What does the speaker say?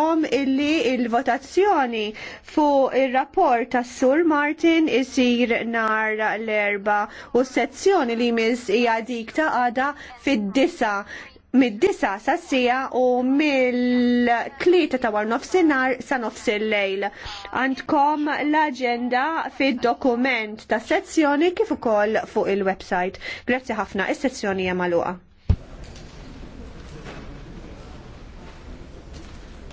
Om illi il-votazzjoni fu il-rapport ta' Sur Martin isir nar l-erba u sezzjoni li mis hija dik ta' għada fid-disa mid-disa sassija u mill-tlieta ta' war nofsinhar sa' nofsin lejl Għandkom l-agenda fid-dokument ta' sezzjoni kif ukoll fuq il-website. Grazzi ħafna, is-sezzjoni hija magħluqa.